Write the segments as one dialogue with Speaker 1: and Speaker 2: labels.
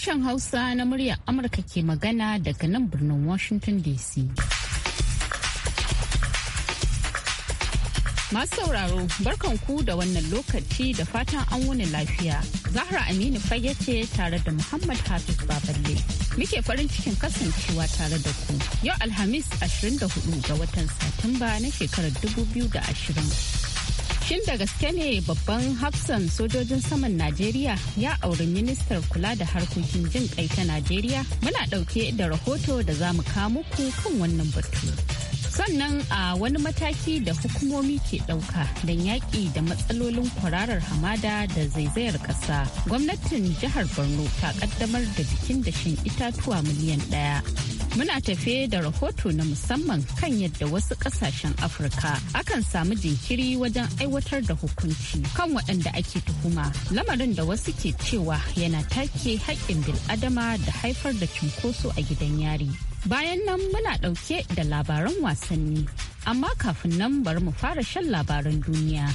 Speaker 1: Sashen Hausa na muryar Amurka ke magana daga nan birnin Washington DC. Masu sauraro barkan ku da wannan lokaci da fatan an wuni lafiya. Zahra Aminu fage ce tare da Muhammad Hafiz Baballe. Muke farin cikin kasancewa tare da ku. Yau Alhamis 24 ga watan Satumba na shekarar 2020. Shin da gaske ne babban hafsan sojojin saman Najeriya ya auri ministar kula da harkokin jin kai ta Najeriya? Muna ɗauke da rahoto da za mu muku kan wannan batu. Sannan a wani mataki da hukumomi ke ɗauka don yaƙi da matsalolin kwararar hamada da zaizayar ƙasa, gwamnatin jihar Borno ta ƙaddamar da bikin dashen itatuwa miliyan ɗaya. Muna tafe da rahoto na musamman kan yadda wasu kasashen Afirka akan samu jinkiri wajen aiwatar da hukunci kan waɗanda ake tuhuma. Lamarin da wasu ke cewa yana take haƙƙin bil'adama da haifar da cunkoso a gidan yari. Bayan nan muna ɗauke da labaran wasanni, amma kafin nan bari mu fara shan labaran duniya.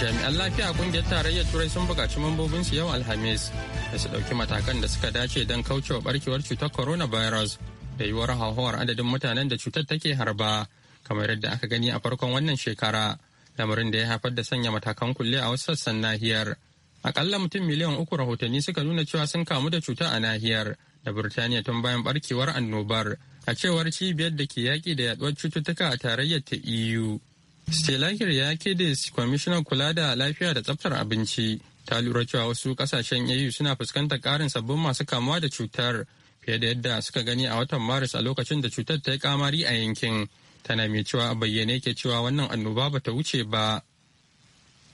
Speaker 2: jami'an lafiya kungiyar tarayyar turai sun bukaci mambobin su yau alhamis da su ɗauki matakan da suka dace don kaucewa barkewar cutar coronavirus da yiwuwar hauhawar adadin mutanen da cutar take harba kamar yadda aka gani a farkon wannan shekara lamarin da ya haifar da sanya matakan kulle a wasu sassan nahiyar akalla mutum miliyan uku rahotanni suka nuna cewa sun kamu da cuta a nahiyar da burtaniya tun bayan barkewar annobar a cewar cibiyar da ke yaƙi da yaduwar cututtuka a tarayyar ta eu Stelagir ya kede kwamishinan kula da lafiya da tsaftar abinci ta lura cewa wasu kasashen EU suna fuskantar karin sabbin masu kamuwa da cutar fiye da yadda suka gani a watan Maris a lokacin da cutar ta yi kamari a yankin. Tana mai cewa a bayyane ke cewa wannan annoba ba ta wuce ba.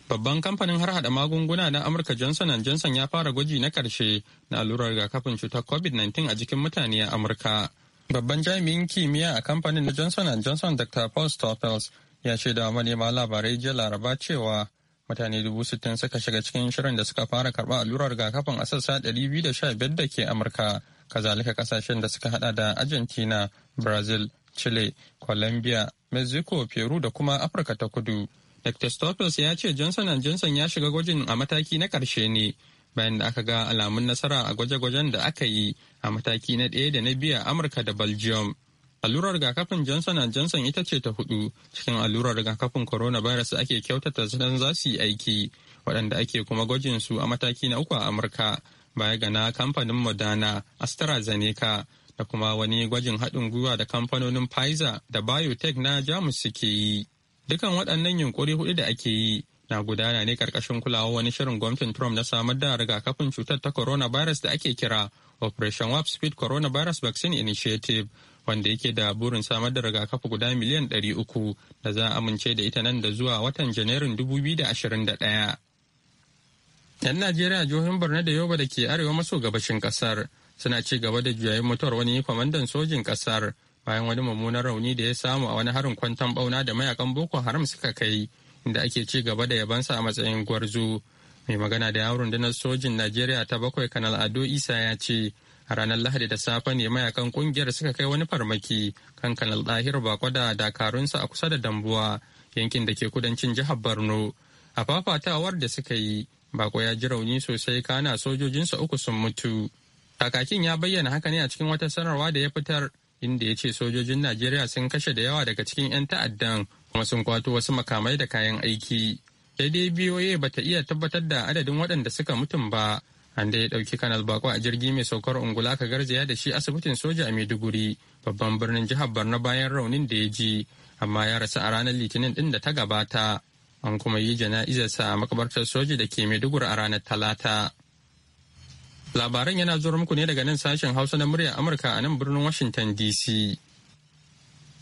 Speaker 2: Babban kamfanin har hada magunguna na Amurka Johnson Johnson ya fara gwaji na karshe na allurar kafin cutar COVID-19 a jikin mutane a Amurka. Babban jami'in kimiyya a kamfanin na Johnson Johnson Dr. Paul Stoffels ya ce da manema labarai jiya laraba cewa mutane dubu sittin suka shiga cikin shirin da suka fara karba allurar rigakafin a sassa ɗari biyu da sha biyar da ke amurka kazalika kasashen da suka hada da argentina brazil chile colombia mexico peru da kuma afirka ta kudu dr stoffels ya ce johnson johnson ya shiga gwajin a mataki na karshe ne bayan da aka ga alamun nasara a gwaje-gwajen da aka yi a mataki na ɗaya da na biya amurka da belgium Allurar rigakafin Johnson Johnson ita ce ta hudu cikin allurar rigakafin coronavirus ake kyautata don za su yi aiki waɗanda ake kuma gwajin su a mataki na uku a Amurka baya ga na kamfanin Moderna, AstraZeneca da kuma wani gwajin haɗin gwiwa da kamfanonin Pfizer da biotech na Jamus suke yi. Dukan waɗannan yunkuri hudu da ake yi na gudana ne karkashin kulawa wani shirin gwamnatin Trump na samar da rigakafin cutar ta corona virus da ake kira Operation Warp Speed Coronavirus Vaccine Initiative wanda yake da burin samar da rigakafi guda miliyan ɗari uku da za a amince da ita nan da zuwa watan janairun ɗaya. 'Yan Najeriya jihohin Borno da Yoba da ke arewa maso gabashin kasar suna ci gaba da juyayin mutuwar wani kwamandan sojin kasar bayan wani mummunan rauni da ya samu a wani harin kwantan bauna da mayakan Boko Haram suka kai inda ake ci gaba da yabansa a matsayin gwarzo. Mai magana da yawon rundunar sojin Najeriya ta bakwai Kanal Ado Isa ya ce a ranar lahadi da safe ne mayakan kungiyar suka kai wani farmaki kan kanal ɗahir bako da dakarunsa a kusa da dambuwa yankin da ke kudancin jihar borno a fafatawar da suka yi bako ya ji rauni sosai kana sojojinsa uku sun mutu kakakin ya bayyana haka ne a cikin wata sanarwa da ya fitar inda ya ce sojojin najeriya sun kashe da yawa daga cikin 'yan ta'addan kuma sun kwato wasu makamai da kayan aiki dai biyoye bata iya tabbatar da adadin waɗanda suka mutum ba an da ya ɗauki kanal bako a jirgi mai saukar ungula aka garzaya da shi asibitin soja a maiduguri babban birnin jihar borno bayan raunin da ya ji amma ya rasu a ranar litinin ɗin da ta gabata an kuma yi jana'izarsa a makabartar soja da ke maiduguri a ranar talata labaran yana zuwa muku ne daga nan sashen hausa na muryar amurka a nan birnin washington dc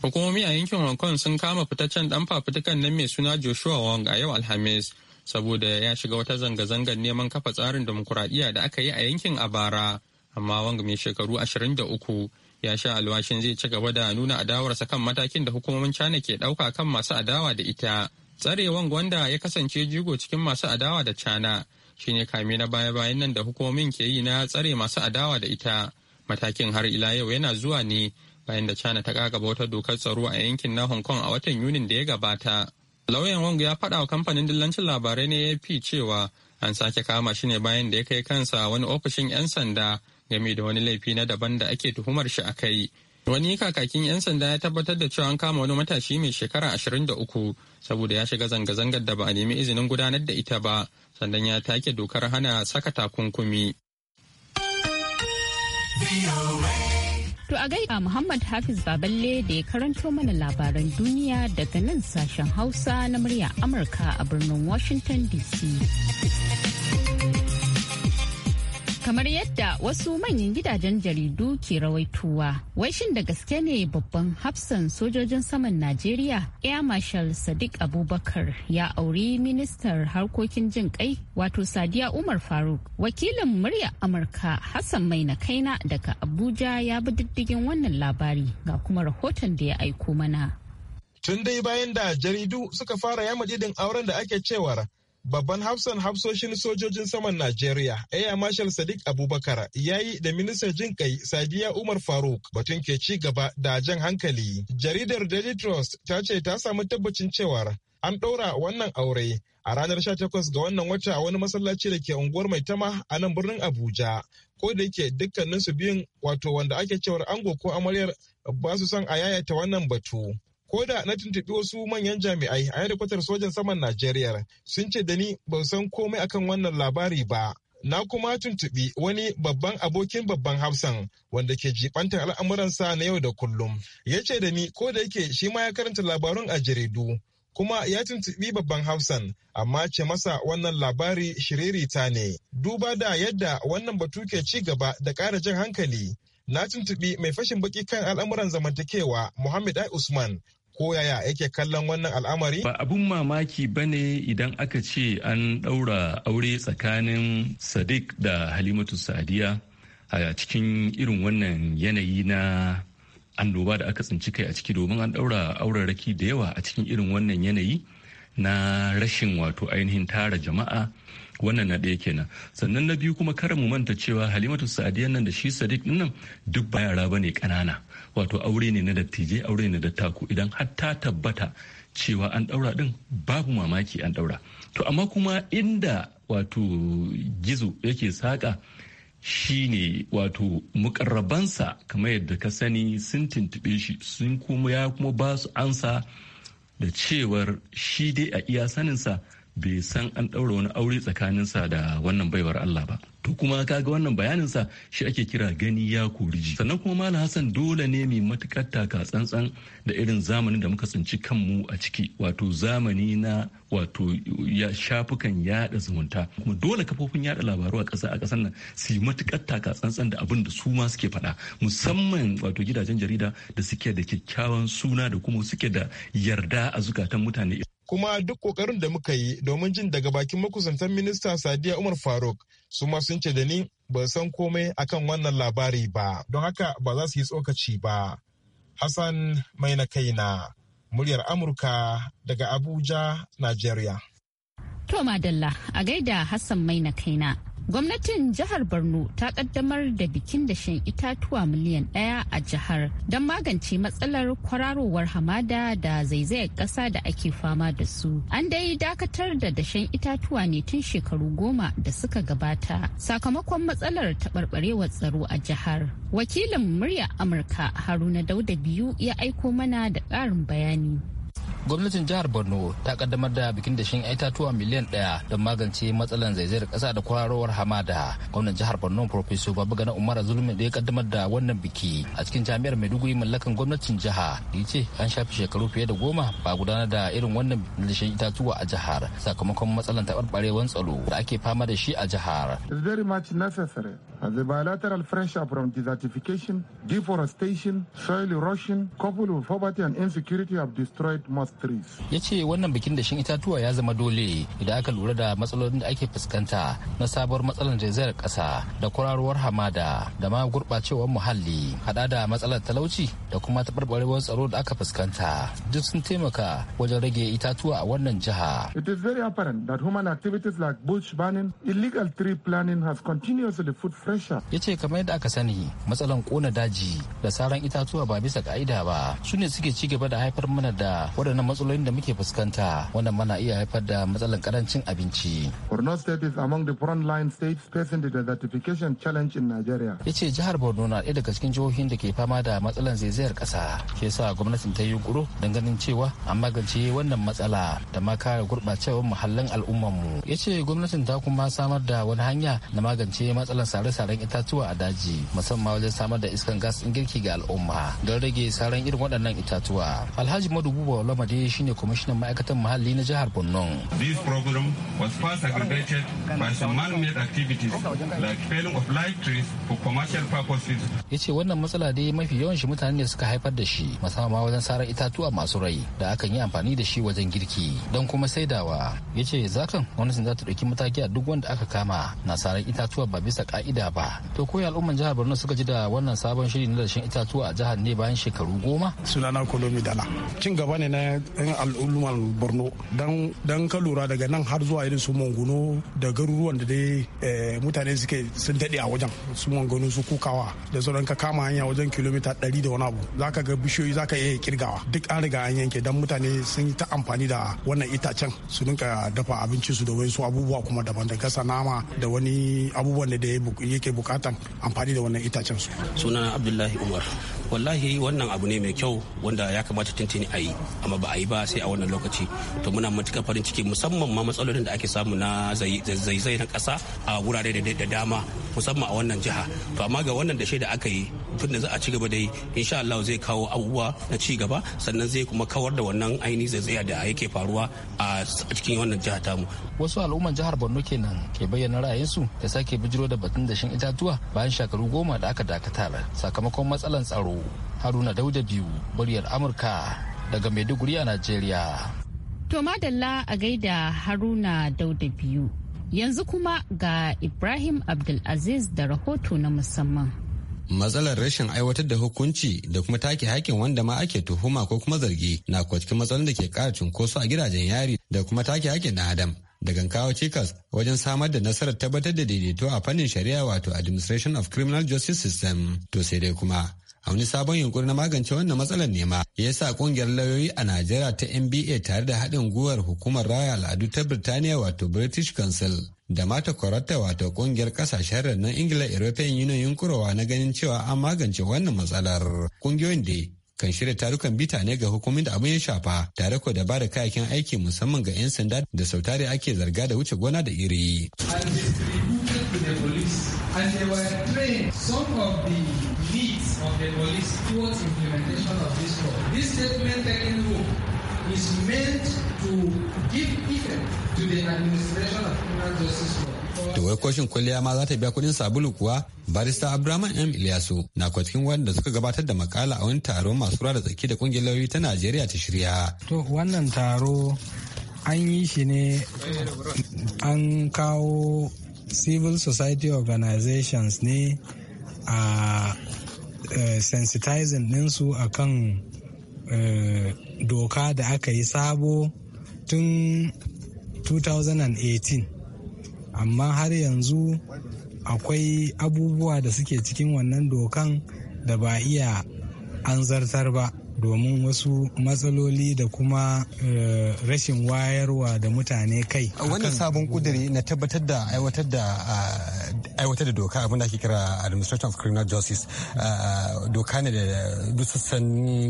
Speaker 2: hukumomi a yankin hong kong sun kama fitaccen dan fafutukan nan mai suna joshua wong a yau alhamis saboda ya shiga wata zanga-zangar neman kafa tsarin demokuraɗiyya da aka yi a yankin a bara amma wanga mai shekaru 23 ya sha alwashin zai ci gaba da nuna adawarsa kan matakin da hukumomin china ke ɗauka kan masu adawa da ita tsarewan gwanda ya kasance jigo cikin masu adawa da china shine kame na baya-bayan nan da hukumomin ke yi na tsare masu adawa da ita matakin har ila yau yana zuwa ne bayan da china ta kagaba wata dokar tsaro a yankin na hong kong a watan yunin da ya gabata Lauyan Wang ya faɗa wa kamfanin dillancin labarai na ap cewa an sake kama shi ne bayan da ya kai kansa wani ofishin 'yan sanda game da wani laifi na daban da ake tuhumar shi a kai. Wani kakakin 'yan sanda ya tabbatar da cewa an kama wani matashi mai shekara 23 saboda ya shiga zanga-zangar da ba a nemi izinin gudanar da ita ba, sannan ya take dokar hana saka takunkumi.
Speaker 1: To a gaida Muhammad Hafiz Baballe da ya karanto mana labaran duniya daga nan sashen Hausa na murya Amurka a birnin Washington DC. kamar yadda wasu manyan gidajen jaridu ke rawaitowa, wai shin da gaske ne babban hafsan sojojin saman najeriya air marshal sadiq abubakar ya auri Ministan harkokin jin kai wato sadiya umar faruk wakilin murya amurka hassan mai na kaina daga abuja ya bi diddigin wannan labari ga kuma rahoton da ya aiko mana
Speaker 3: tun dai bayan da jaridu suka fara yamma didin auren da ake cewar Babban hafsan hafsoshin sojojin saman Najeriya, Air Marshal Sadiq Abubakar, ya yi da ministan jin kai Sadiya Umar Faruk batun ke ci gaba da jan hankali. Jaridar Daily Trust ta ce ta samu tabbacin cewar an ɗaura wannan aure a ranar 18 ga wannan wata wani masallaci da ke unguwar mai tama a nan birnin Abuja. Ko da yake dukkaninsu biyun wato wanda ake cewar ango ko amaryar ba su son a yayata wannan batu. ko da na tuntuɓi wasu manyan jami'ai a yadda sojan saman Najeriya sun ce da ni ban san komai akan wannan labari ba. Na kuma tuntuɓi wani babban abokin babban hafsan wanda ke jibantar al'amuransa na yau da kullum. Ya ce da ni ko da yake shi ma ya karanta labarun a jaridu. kuma ya tuntuɓi babban hafsan amma ce masa wannan labari shiririta ne duba da yadda wannan batu ke ci gaba da ƙara jan hankali Na tuntuɓi mai fashin baki kan al'amuran zamantakewa Muhammad Ai Usman ko yaya yake kallon wannan al'amari?
Speaker 4: Ba abun mamaki ba ne idan aka ce an ɗaura aure tsakanin Sadiq da Halimatu Sadiya a cikin irin wannan yanayi na annoba da aka tsinci kai a ciki domin an ɗaura raki da yawa a cikin irin wannan yanayi na rashin wato ainihin tara jama'a wannan na ɗaya kenan sannan na biyu kuma kar mu manta cewa halimatu sa'adiyan nan da shi sadiq nan duk ba yara bane ƙanana wato aure ne na dattijai aure ne da taku idan har ta tabbata cewa an ɗaura ɗin babu mamaki an ɗaura to amma kuma inda wato gizo yake saƙa shine wato mukarrabansa kamar yadda ka sani sun tuntuɓe shi sun kuma ya kuma ba su ansa da cewar shi dai a iya saninsa bai san an ɗaura wani aure tsakaninsa da wannan baiwar Allah ba. To kuma kaga wannan bayaninsa shi ake kira gani ya koriji. Sannan kuma Malam Hassan dole ne mai matukar taka tsantsan da irin zamanin da muka tsinci kanmu a ciki. Wato zamani na wato ya shafukan yaɗa zumunta. Kuma dole kafofin yaɗa labaru a ƙasa a ƙasar nan su yi matukar taka tsantsan da abin da su ma suke faɗa. Musamman wato gidajen jarida da suke da kyakkyawan suna da kuma suke da yarda a zukatan mutane. kuma duk kokarin da muka yi domin jin daga
Speaker 3: bakin makusantan minista sadiya umar faruk su ma sun ce da ni ba san komai akan wannan labari ba don haka ba za su yi tsokaci ba hassan mai na kaina muryar amurka daga abuja nigeria
Speaker 1: to madalla a gaida hassan mai na kaina Gwamnatin jihar Borno ta kaddamar da bikin dashen itatuwa miliyan ɗaya a jihar don magance matsalar kwararowar hamada da zaizayar ƙasa da ake fama da su. An dai dakatar da dashen itatuwa ne tun shekaru goma da suka gabata sakamakon matsalar taɓarɓarewar tsaro a jihar. Wakilin murya Amurka Haruna Dauda biyu ya aiko mana da ƙarin bayani.
Speaker 5: gwamnatin jihar borno ta kaddamar da bikin dashen itatuwa miliyan daya don magance matsalan zaizayar kasa da kwararowar hamada gwamnan jihar borno professor gana umar zulmi da ya kaddamar da wannan biki a cikin jami'ar maiduguri mallakan gwamnatin jiha da ya ce an shafi shekaru fiye da goma ba gudanar da irin wannan dashen itatuwa a jihar sakamakon matsalan taɓarɓarewan tsaro da ake fama da shi a jihar.
Speaker 3: It's very much necessary as a bilateral pressure from desertification, deforestation, soil erosion, coupled with poverty and
Speaker 5: insecurity have destroyed most ya ce wannan bikin dashen itatuwa ya zama dole idan aka lura da matsalolin da ake fuskanta na sabuwar matsalar zaizayar kasa da kwararowar hamada da ma gurɓacewar muhalli hada da matsalar talauci da kuma taɓarɓarewar tsaro da aka fuskanta duk sun taimaka wajen rage itatuwa a wannan jiha.
Speaker 3: It is very apparent that human activities like bush burning, illegal tree planting has continuously put pressure. Ya ce kamar yadda
Speaker 5: aka sani matsalar kona daji da saran itatuwa ba bisa ka'ida ba su ne suke ci gaba da haifar mana da waɗannan irin matsalolin da muke fuskanta wannan mana iya haifar da matsalar karancin abinci.
Speaker 3: Borno State is among the front line states facing the desertification challenge in Nigeria.
Speaker 5: yace jihar Borno na ɗaya daga cikin jihohin da ke fama da matsalar zaizayar ƙasa. Ke sa gwamnatin ta yi kuro don ganin cewa an magance wannan matsala da ma kare gurɓacewar muhallin mu yace gwamnatin ta kuma samar da wani hanya na magance matsalar sare-saren itatuwa a daji musamman wajen samar da iskan gas in girki ga al'umma don rage saran irin waɗannan itatuwa. Alhaji Madubu lamadi. Ade shine kwamishinan ma'aikatan muhalli na jihar Borno. This problem was first aggravated by some man-made activities like felling of live trees for commercial purposes. Ya ce wannan matsala dai mafi yawan shi mutane ne suka haifar da shi musamman wajen sarar itatuwa masu rai da akan yi amfani da shi wajen girki don kuma saidawa. Ya ce zakan gwamnatin za ta ɗauki mataki a duk wanda aka kama na sarar itatuwa ba bisa ka'ida ba. To ko al'umman jihar Borno suka ji da wannan sabon shiri na dashen itatuwa a jihar ne bayan shekaru goma? Sunana Kolomi Dala.
Speaker 3: Cin gaba ne na 'yan al'ummar borno don ka lura daga nan har zuwa irin su mangono da garuruwan da dai eh, mutane suke sun daɗe a wajen su mangono su kukawa da sauran ka kama hanya wajen kilomita ɗari da wani abu za ka ga bishiyoyi za ka iya kirgawa duk an riga an yanke don mutane sun yi ta amfani da wannan itacen su rinka dafa abinci su da wasu abubuwa kuma daban da gasa nama da wani abubuwan da yake bukatan amfani da wannan itacen su
Speaker 6: sunana
Speaker 5: abdullahi umar wallahi wannan abu ne mai kyau wanda ya kamata tuntuni a yi amma ba a yi ba sai a wannan lokaci to muna matukar farin ciki musamman ma matsalolin da ake samu na zaizai na kasa a wurare da dama musamman a wannan jiha to amma ga wannan da shaida aka yi tun da za a ci gaba dai insha Allah zai kawo abubuwa na ci gaba sannan zai kuma kawar da wannan aini zaizaya da yake faruwa a cikin wannan jihar tamu wasu al'umman jihar Borno kenan ke bayyana ra'ayinsu da sake bijiro da batun dashen itatuwa bayan shekaru goma da aka dakatar sakamakon matsalan tsaro haruna dauda biyu muryar amurka daga maiduguri a nigeria.
Speaker 1: to madalla a gaida haruna dauda biyu yanzu kuma ga ibrahim abdulaziz da rahoto na musamman
Speaker 7: matsalar rashin aiwatar da hukunci da kuma take hakin wanda ma ake tuhuma ko kuma zargi na kuwa cikin matsalar da ke kara cunkoso a gidajen yari da kuma take hakin ɗan adam da gankawa cikas wajen samar da nasarar tabbatar da daidaito a fannin shari'a wato administration of criminal justice system to sai dai kuma a wani sabon yunkuri na magance wannan matsalar nema ya sa kungiyar lauyoyi a najeriya ta nba tare da haɗin gwiwar hukumar raya al'adu ta birtaniya wato british council da mata kwararta wato kungiyar kasashen rannan ingila european union yunkurowa na ganin cewa an magance wannan matsalar kungiyoyin da kan shirya tarukan bita ne ga hukumin da abin ya shafa tare ko da ba da kayakin aiki musamman ga 'yan sanda da sautare ake zarga da wuce gona da iri.
Speaker 8: of the police towards implementation of this law. This statement taken home is meant to give effect to the administration of criminal justice law.
Speaker 7: To wai koshin kwalliya ma za ta biya kuɗin sabulu kuwa barista Abraman M. Ilyasu na kwa wanda suka gabatar da makala a wani taron masu da tsaki da kungiyar ta Najeriya ta shirya.
Speaker 8: To wannan taro an yi shi ne an kawo civil society organizations ne a eh, sensitizing ɗinsu a kan eh, doka da aka yi sabo tun 2018 amma har yanzu akwai abubuwa da suke cikin wannan dokan da ba iya an zartar ba domin wasu matsaloli da kuma eh, rashin wayarwa da mutane kai. Wannan sabon kuduri na tabbatar da
Speaker 7: aiwatar da ah, aiwatar da doka abin da ake kira administration of criminal justice uh, doka ne da duk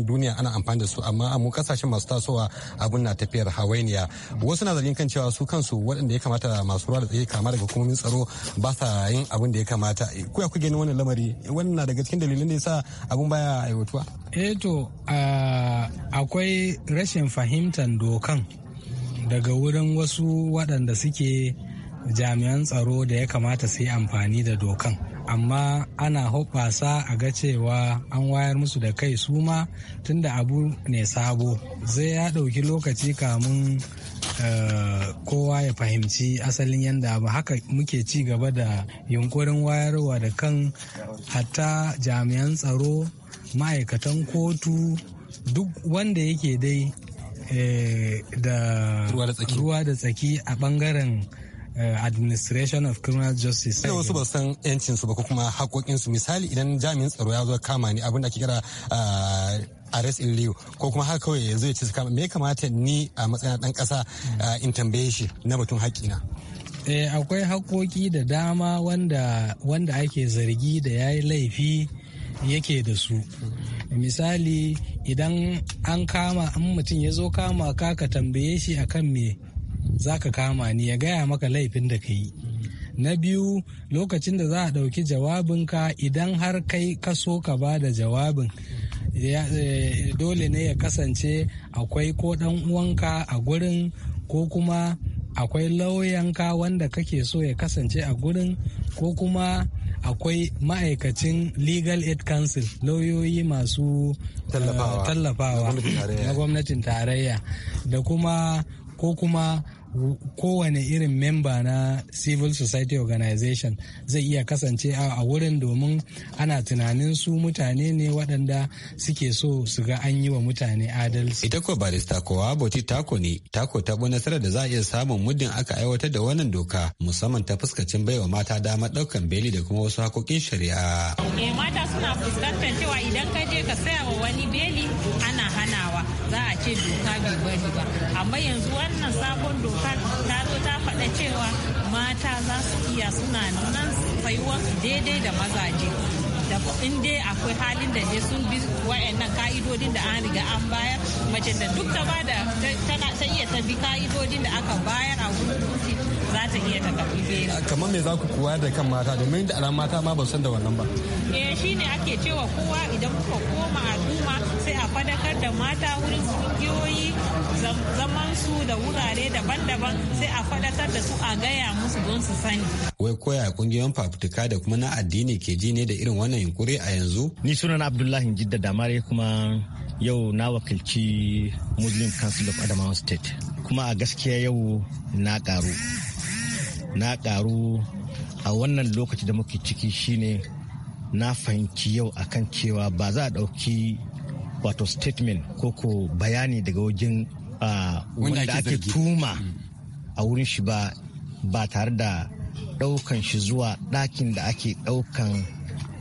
Speaker 7: duniya ana amfani da su amma a mu kasashen masu tasowa abin na tafiyar hawainiya wasu na zargin kan cewa su kansu waɗanda ya kamata masu ruwa da tsaye kama daga hukumomin tsaro ba sa yin abin da ya kamata ku ya ku gani wannan lamari
Speaker 8: wannan na daga cikin dalilin da ya sa abin baya aiwatuwa eh to uh, akwai rashin fahimtar dokan daga wurin wasu waɗanda suke jami'an tsaro da ya kamata su yi amfani da dokan amma ana hoɓasa a ga cewa an wayar musu da kai su ma tunda abu ne sabo zai ya ɗauki lokaci kamun eh, kowa ya fahimci asalin yadda ba haka muke ci gaba da yunkurin wayarwa da kan hatta jami'an tsaro ma'aikatan kotu duk wanda yake dai eh, da ruwa da tsaki a ɓangaren Eh, administration of criminal justice
Speaker 7: Ina wasu ba san yancin su ba ko kuma hakokin su misali idan jami'in tsaro ya zo kama ni abin da ake kira ah, arrest in lieu ko kuma haka kawai ya zo ya ci kama me kamata ni a matsayin ɗan kasa ah, in tambaye shi na batun haƙƙi na.
Speaker 8: Eh, akwai hakoki da dama wanda wanda ake zargi da yayi laifi yake da su misali idan an kama an mutum ya zo kama ka ka tambaye shi akan me za ka kama ni ya gaya maka laifin da ka yi na biyu lokacin da za a ɗauki jawabinka idan har kai ka so ka ba da jawabin eh, dole ne ya kasance akwai ko ɗan uwanka a gurin ko kuma akwai lauyanka wanda kake so ya kasance a gurin ko kuma akwai ma'aikacin legal aid council lauyoyi masu eh, tallafawa na gwamnatin tarayya da kuma ko kuma kowane irin memba na civil society organization zai iya kasance a wurin domin ana tunanin su mutane ne waɗanda suke so su ga an yi wa mutane adalci.
Speaker 7: Ita ko barista kowa aboti tako ne, tako ta bi nasarar da za a iya samun muddin aka aiwatar da wannan doka musamman ta fuskacin baiwa mata dama ɗaukan beli da kuma wasu hakokin shari'a.
Speaker 1: Eh, mata suna fuskantar cewa idan ka je ka saya wa wani beli ana hanawa. za a ce doka bai bari ba amma yanzu wannan sabon doka ta zo ta faɗa cewa mata za su iya suna nan faiwa daidai da mazaje da in dai akwai halin da dai sun bi wayannan ka'idodin da an riga an bayar mace da duk ta ba da ta iya ta bi ka'idodin da aka bayar a hukunci za ta iya ta kafi
Speaker 7: kamar me za ku koya da kan mata domin da alama mata ma ba san da wannan ba
Speaker 1: eh shine ake cewa kowa idan kuka koma sadakar da mata wurin kungiyoyi zaman su da wurare daban-daban sai a faɗatar da su a gaya musu don su sani.
Speaker 7: Wai koya kungiyoyin fafutuka da kuma na addini ke ji ne da irin wannan
Speaker 9: yunkuri a yanzu? Ni sunan Abdullahi Jidda Damare kuma yau na wakilci Muslim Council of Adamawa State. Kuma a gaskiya yau na ƙaru. Na karu a wannan lokaci da muke ciki shine na fahimci yau akan cewa ba za a ɗauki wato statement ko ko bayani daga wajen ah, wanda ake tuma mm. a wurin shi ba ba tare da ɗaukan shi zuwa ɗakin da ake ɗaukan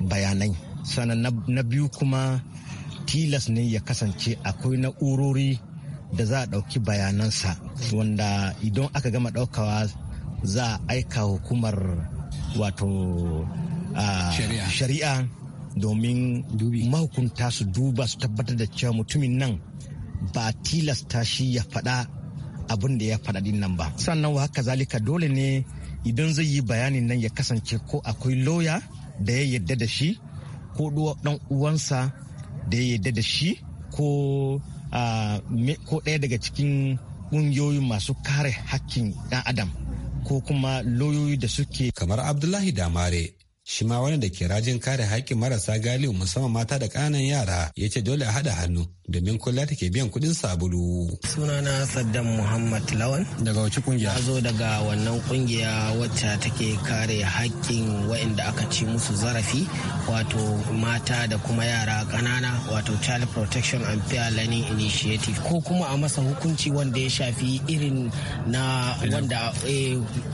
Speaker 9: bayanai sannan na biyu kuma tilas ne ya kasance akwai na'urori da za a ɗauki bayanansa wanda idan aka gama ɗaukawa za a aika hukumar wato ah, shari'a domin mahukunta su duba su tabbatar da cewa mutumin nan ba tilasta shi ya faɗa abin da ya faɗa din nan ba sannan wa haka zalika dole ne idan zai yi bayanin nan ya kasance ko akwai loya da ya yadda da shi ko ɗan uwansa da ya yadda da shi ko ɗaya daga cikin ƙungiyoyi masu kare hakkin ɗan adam ko
Speaker 7: kuma lauyoyi da suke kamar abdullahi damare shi ma wani da ke rajin kare haƙƙin marasa galihu musamman mata da ƙananan yara ya ce dole a haɗa hannu domin kulla take biyan kuɗin sabulu. Sunana
Speaker 5: Saddam Muhammad Lawan. Daga wace kungiya? Ya
Speaker 7: zo daga wannan
Speaker 5: kungiya wacce take kare haƙƙin waɗanda aka ci musu zarafi wato mata da kuma yara ƙanana wato Child Protection and Fair Learning Initiative ko kuma a masa hukunci wanda ya shafi irin na wanda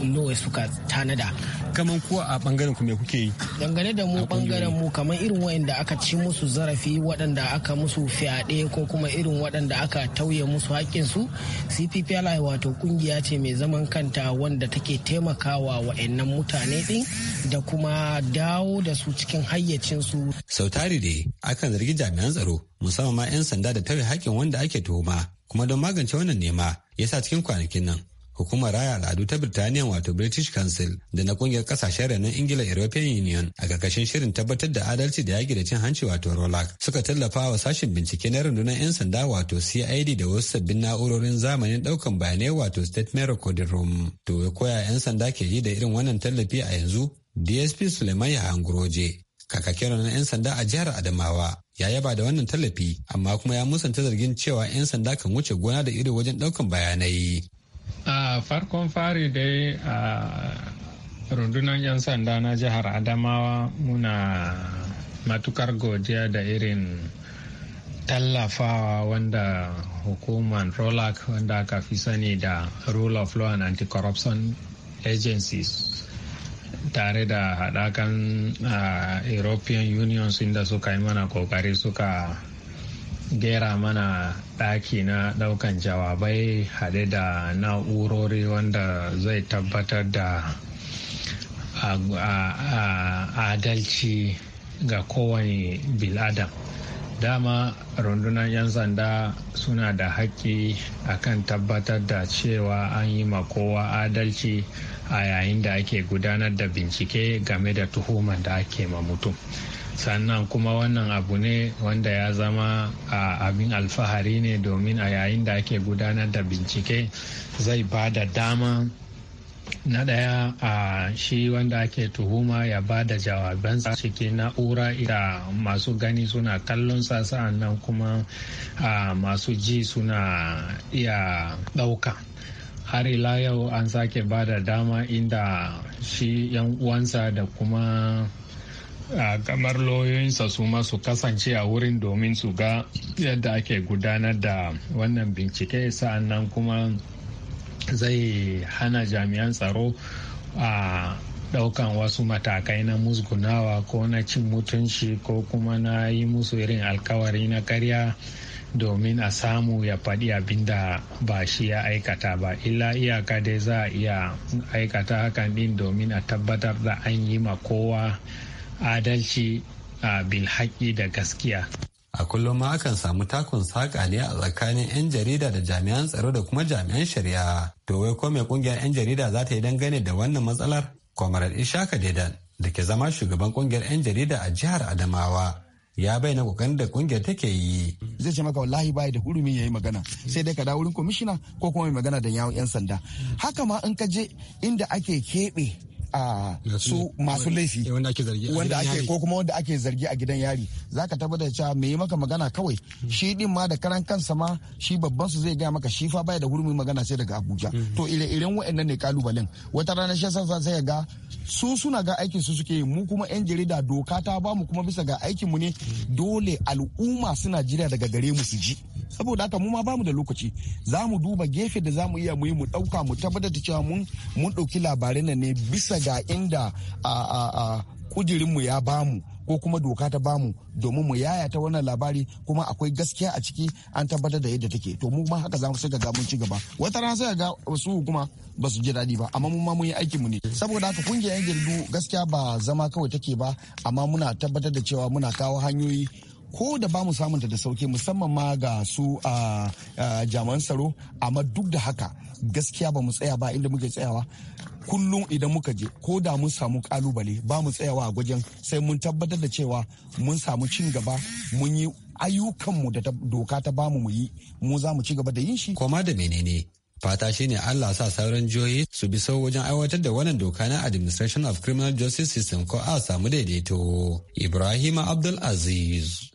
Speaker 5: Norway eh, suka tanada. Kaman kuwa a bangaren ku me kuke yi? Dangane da mu bangaren mu kamar irin wa'inda aka ci musu zarafi waɗanda aka musu fyaɗe ne ko kuma irin waɗanda aka tauye musu haƙƙinsu cppli wato kungiya ce mai zaman kanta wanda take taimakawa wa'annan mutane ɗin da kuma dawo da su cikin hayyacinsu
Speaker 7: sau tari dai akan zargi jami'an tsaro musamman ma 'yan sanda da tauye haƙƙin wanda ake tuhuma kuma don magance wannan nema yasa cikin kwanakin nan hukumar raya al'adu ta birtaniya wato british council da na kungiyar kasashen renon ingila european union a karkashin shirin tabbatar da adalci da yaki da cin hanci wato rolac suka tallafa wa sashen bincike na rundunar 'yan sanda wato cid da wasu sabbin na'urorin zamanin daukan bayanai wato State mayor recording room to ya koya 'yan sanda ke yi da irin wannan tallafi a yanzu dsp suleiman yahangroje kakakin na 'yan sanda a jihar Adamawa ya yaba da wannan tallafi amma kuma ya musanta zargin cewa 'yan sanda kan wuce gona da iri wajen daukan bayanai.
Speaker 10: a farkon fari dai a rundunar 'yan sanda na jihar adamawa muna matukar godiya da irin tallafawa wanda hukumar rolac wanda aka fi sani da rule of law and anti-corruption agencies tare da haɗakan uh, european union inda suka yi mana kokari suka gera mana ɗaki na ɗaukan jawabai haɗe da na'urori wanda zai tabbatar da adalci ga kowane biladam dama rundunar 'yan sanda suna da haƙƙi akan tabbatar da cewa an yi ma kowa adalci a yayin da ake gudanar da bincike game da tuhumar da ake ma mutum sannan kuma wannan abu ne wanda ya zama a abin alfahari ne domin a yayin da ake gudanar da bincike zai ba da dama na ɗaya a shi wanda ake tuhuma ya ba da jawabansa cikin na'ura da masu gani suna kallon sa nan kuma masu ji suna iya ɗauka har ila yau an sake ba da dama inda shi yan uwansa da kuma kamar lauyoyinsa su ma su kasance a wurin domin su ga yadda ake gudanar da wannan bincike sa'an nan kuma zai hana jami'an tsaro a daukan wasu matakai na musgunawa ko na cin mutunci ko kuma na yi musu irin alkawari na karya domin a samu ya faɗi abin da ba shi ya aikata ba illa iyaka dai za a iya aikata hakan ɗin domin a tabbatar da an yi ma kowa adalci bilhaƙi da gaskiya a kullum ma akan samu takun saƙa ne a tsakanin 'yan
Speaker 7: jarida da jami'an tsaro da kuma jami'an shari'a to wai ko mai kungiyar 'yan jarida za ta yi dangane da wannan matsalar Kwamarar ishaka dedan da ke zama shugaban kungiyar 'yan jarida a jihar adamawa ya bayyana kokarin da kungiyar take yi zai ce maka wallahi bai da ya yi magana
Speaker 6: sai dai ka dawo wurin kwamishina ko kuma mai magana da yawon 'yan sanda haka ma in ka je inda ake keɓe a su masu laifi
Speaker 7: wanda ake ko
Speaker 6: kuma wanda ake zargi a gidan yari zaka tabbatar da cewa me yi maka magana kawai hmm. shi din ma da karan kansa ma shi babban su zai gaya maka shi fa baya da hurumin magana sai daga Abuja hmm. to ire-iren waɗannan ne kalubalen wata rana shi yasa sai ga su suna ga aikin su suke mu kuma yan jarida doka ta ba mu kuma bisa ga aikin mu ne hmm. dole al'umma suna jira daga gare mu su ji saboda haka mu ma bamu da lokaci za mu duba gefe da za mu iya mu yi mu ɗauka mu tabbatar da cewa mun ɗauki labarin nan ne bisa ga inda a kudirinmu ya bamu ko kuma doka ta bamu domin mu yaya ta wannan labari kuma akwai gaskiya a ciki an tabbatar da yadda take to mu ma haka za mu sai ga mun ci gaba wata rana sai ga wasu kuma ba su ji daɗi ba amma mun ma mun yi aikin mu ne saboda haka kungiyar gindu gaskiya ba zama kawai take ba amma muna tabbatar da cewa muna kawo hanyoyi ko da ba mu samunta da sauki musamman ma ga su a jaman tsaro amma duk da haka gaskiya ba mu tsaya ba inda muke tsayawa kullum idan muka je ko da mun samu kalubale ba mu tsayawa a gwajin sai mun tabbatar da cewa mun samu cin gaba mun yi ayyukanmu da doka ta bamu mu yi mu za mu ci
Speaker 7: gaba da yin shi. Koma da menene fata ne Allah sa sauran jihohi su bi sau wajen aiwatar da wannan doka na Administration of Criminal Justice System ko a samu daidaito. Ibrahim Abdul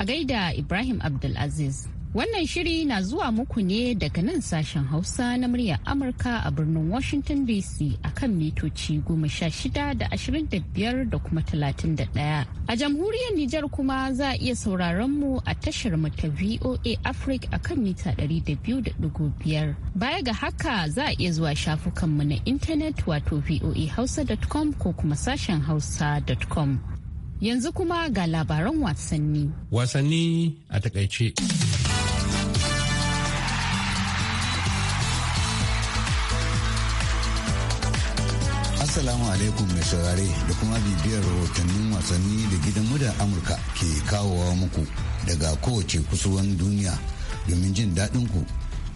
Speaker 1: A gaida Ibrahim Abdulaziz. Wannan shiri na zuwa muku ne daga nan sashen Hausa na muryar Amurka a birnin Washington DC a kan mitoci goma sha shida da ashirin da biyar da kuma talatin da ɗaya. A jamhuriyar Nijar kuma za a iya sauraron mu a tashar mu ta VOA Africa a kan mita ɗari da biyu da ɗigo biyar. Baya ga haka za a iya zuwa shafukanmu na intanet wato voahausa.com ko kuma sashen hausa.com. Yanzu kuma ga labaran wasanni.
Speaker 7: Wasanni a takaice.
Speaker 11: Assalamu alaikum mai saurare da kuma bibiyar rahotannin wasanni da gidan mudan Amurka ke kawowa muku daga kowace kusurwan duniya domin jin daɗin ku.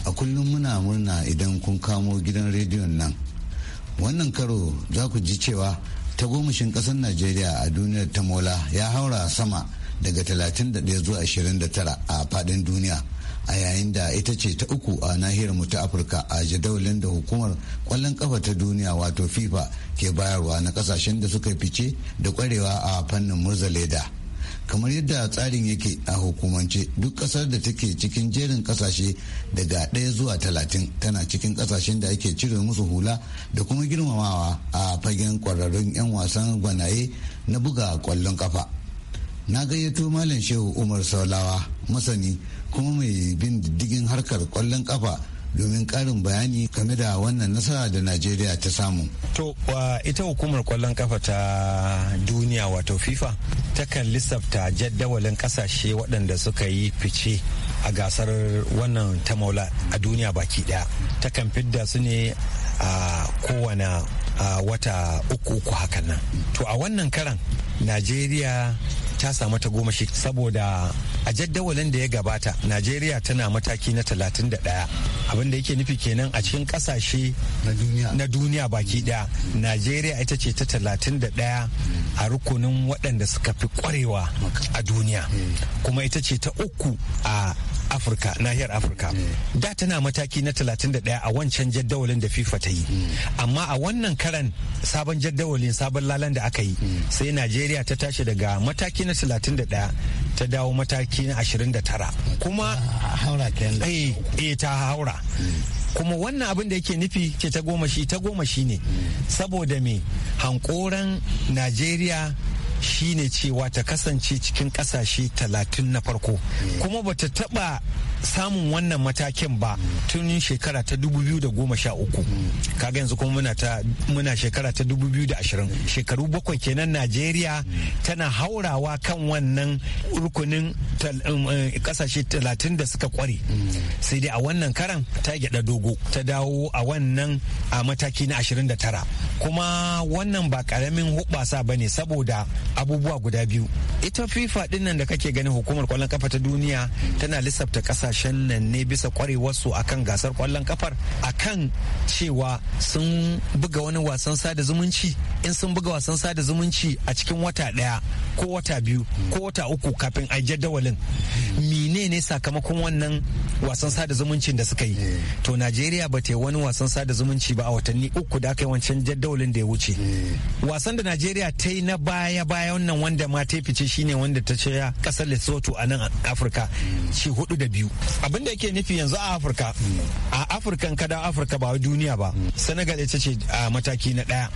Speaker 11: A kullum muna murna idan kun kamo gidan rediyon nan. Wannan karo za ku ji cewa tagomashin ƙasar najeriya a duniyar ta mola ya haura sama daga 31 zuwa 29 a faɗin duniya a yayin da ita ce ta uku a nahiyar mu ta afirka a jadawalin da hukumar kwallon kafa ta duniya wato fifa ke bayarwa na kasashen da suka fice da kwarewa a fannin murza leda kamar yadda tsarin yake a hukumance duk kasar da take cikin jerin kasashe daga ɗaya zuwa talatin tana cikin kasashen da ake cire musu hula da kuma girmamawa a fagen kwararrun 'yan wasan gwanaye na buga kwallon kafa na gayyato malam shehu umar saulawa masani kuma mai bin diddigin harkar kwallon kafa domin karin bayani game da wannan nasara da najeriya ta samu to ita hukumar
Speaker 9: kwallon kafa ta duniya wato fifa ta kan lissafta jaddawalin kasashe waɗanda suka yi fice a gasar wannan ta maula a duniya baki daya kan fidda su ne a kowane wata uku uku hakan nan to a wannan karan najeriya ta samu ta goma shi saboda a jaddawalin da ya gabata najeriya tana mataki na 31 abin da yake nufi kenan a cikin kasashe na duniya baki daya najeriya ita ce ta talatin da 31 a rukunin waɗanda suka fi kwarewa a duniya eh. kuma ita ce ta uku a afirka nahiyar afirka mm. da tana mataki na 31 a wancan jadawalin da fifa ta yi mm. amma a wannan karan sabon jadawalin sabon lalan da aka yi mm. sai najeriya ta tashi daga mataki na 31 ta dawo mataki na 29 kuma haura eh, eh ta haura kuma wannan abin da yake nufi ce ta goma shi ta goma shi ne saboda me hankoran najeriya shine cewa ta kasance cikin kasashe talatin na farko kuma bata taba samun wannan matakin ba tun shekara ta 2013 kaga yanzu kuma muna ta muna shekara ta 2020 shekaru bakwai kenan Najeriya tana haurawa kan wannan rukunin um, eh, kasashe 30 da suka kware sai dai a wannan karan ta gyada dogo ta dawo a wannan a mataki na 29 kuma wannan ba karamin hubasa ba ne saboda abubuwa guda biyu ita fifa dinnan da kake ganin hukumar kwallon kafa ta duniya tana lissafta kasa. kasashen nan ne bisa kwarewarsu akan gasar kwallon kafar akan cewa sun buga wani wasan sada zumunci in sun buga wasan sada zumunci a cikin wata daya ko wata biyu ko wata uku kafin a jadawalin ne sakamakon wannan wasan sada zumuncin da suka yi eh. to najeriya ba ta yi wani wasan sada zumunci ba a watanni uku da aka yi wancan jadawalin da ya wuce eh. wasan da najeriya ta yi na baya baya wannan wanda ma ta fice shine wanda ta ce kasar lesotho a nan afirka ci hmm. hudu da biyu abinda yake nufi yanzu a afirka hmm. a afirkan kada afirka ba duniya ba hmm. senegal ita ce a mataki na daya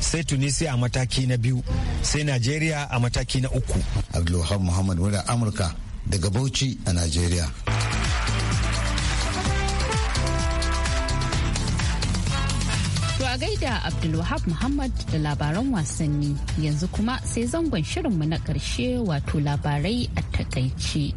Speaker 9: sai tunisia a mataki na biyu sai najeriya a mataki mataki na uku abdulwahab muhammad wadda amurka
Speaker 11: daga bauchi a najeriya
Speaker 1: a gaida Abdulwahab Muhammad da labaran wasanni yanzu kuma sai zangon shirinmu na ƙarshe wato labarai a takaice.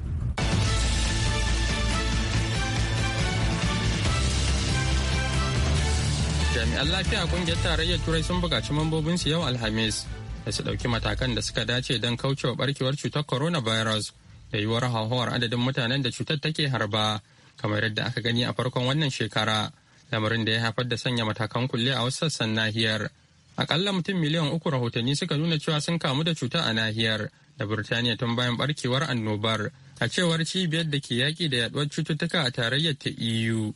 Speaker 2: Jami'an lafiya kungiyar tarayyar turai sun buƙaci mambobinsu yau Alhamis da su ɗauki matakan da suka dace don kaucewa barkewar cutar coronavirus da yiwuwar hauhawar adadin mutanen da cutar take harba kamar yadda aka gani a farkon wannan shekara lamarin da ya haifar da sanya matakan kulle a wasu sassan nahiyar akalla mutum miliyan uku rahotanni suka nuna cewa sun kamu da cuta a nahiyar da birtaniya tun bayan barkewar annobar a cewar cibiyar da ke yaƙi da yaduwar cututtuka a tarayyar ta eu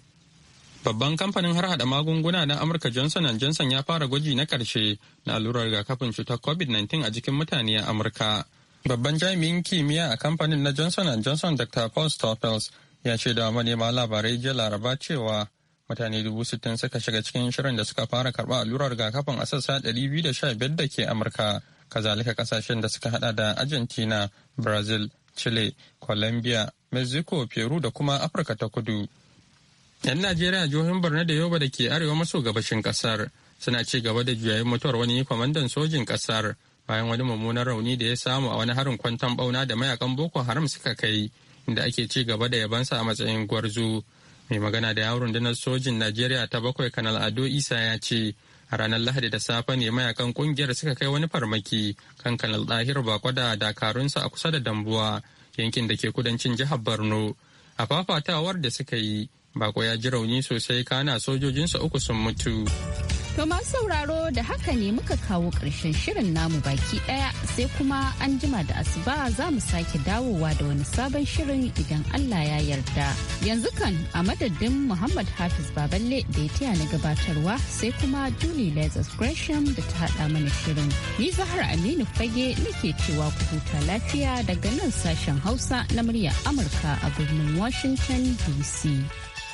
Speaker 2: Babban kamfanin har hada magunguna na Amurka Johnson Johnson ya fara gwaji na karshe na allurar rigakafin cutar COVID-19 a jikin mutane a Amurka. Babban jami'in kimiyya a kamfanin na Johnson Johnson Dr. Paul Stoffels ya ce da manema labarai jiya laraba cewa mutane dubu sittin suka shiga cikin shirin da suka fara karɓa allurar rigakafin a sassa ɗari biyu da sha biyar da ke Amurka. Kazalika kasashen da suka hada da Argentina, Brazil, Chile, Colombia, Mexico, Peru da kuma Afirka ta Kudu. 'Yan Najeriya jihohin Borno da yoruba da ke arewa maso gabashin kasar suna ci gaba da juyayin mutuwar wani kwamandan sojin kasar bayan wani mummunan rauni da ya samu a wani harin kwanton bauna da mayakan Boko Haram suka kai inda ake ci gaba da yabansa a matsayin gwarzo. Mai magana da yawon rundunar sojin Najeriya ta bakwai Kanal Ado Isa ya ce a ranar Lahadi da safe ne mayakan kungiyar suka kai wani farmaki kan Kanal Dahir Bako da dakarunsa a kusa da Dambuwa yankin da ke kudancin jihar Borno. A fafatawar da suka yi Bako ya ji rauni sosai kana sojojinsa uku sun mutu.
Speaker 1: To masu sauraro da haka ne muka kawo ƙarshen shirin namu baki ɗaya sai kuma an jima da asuba za mu sake dawowa da wani sabon shirin idan Allah ya yarda. Yanzu kan a madadin Muhammad Hafiz Baballe da ya taya na gabatarwa sai kuma Julie Lazarus Gresham da ta haɗa mana shirin. Ni Zahar Aminu Fage nake cewa ku huta lafiya daga nan sashen Hausa na muryar Amurka a birnin Washington DC.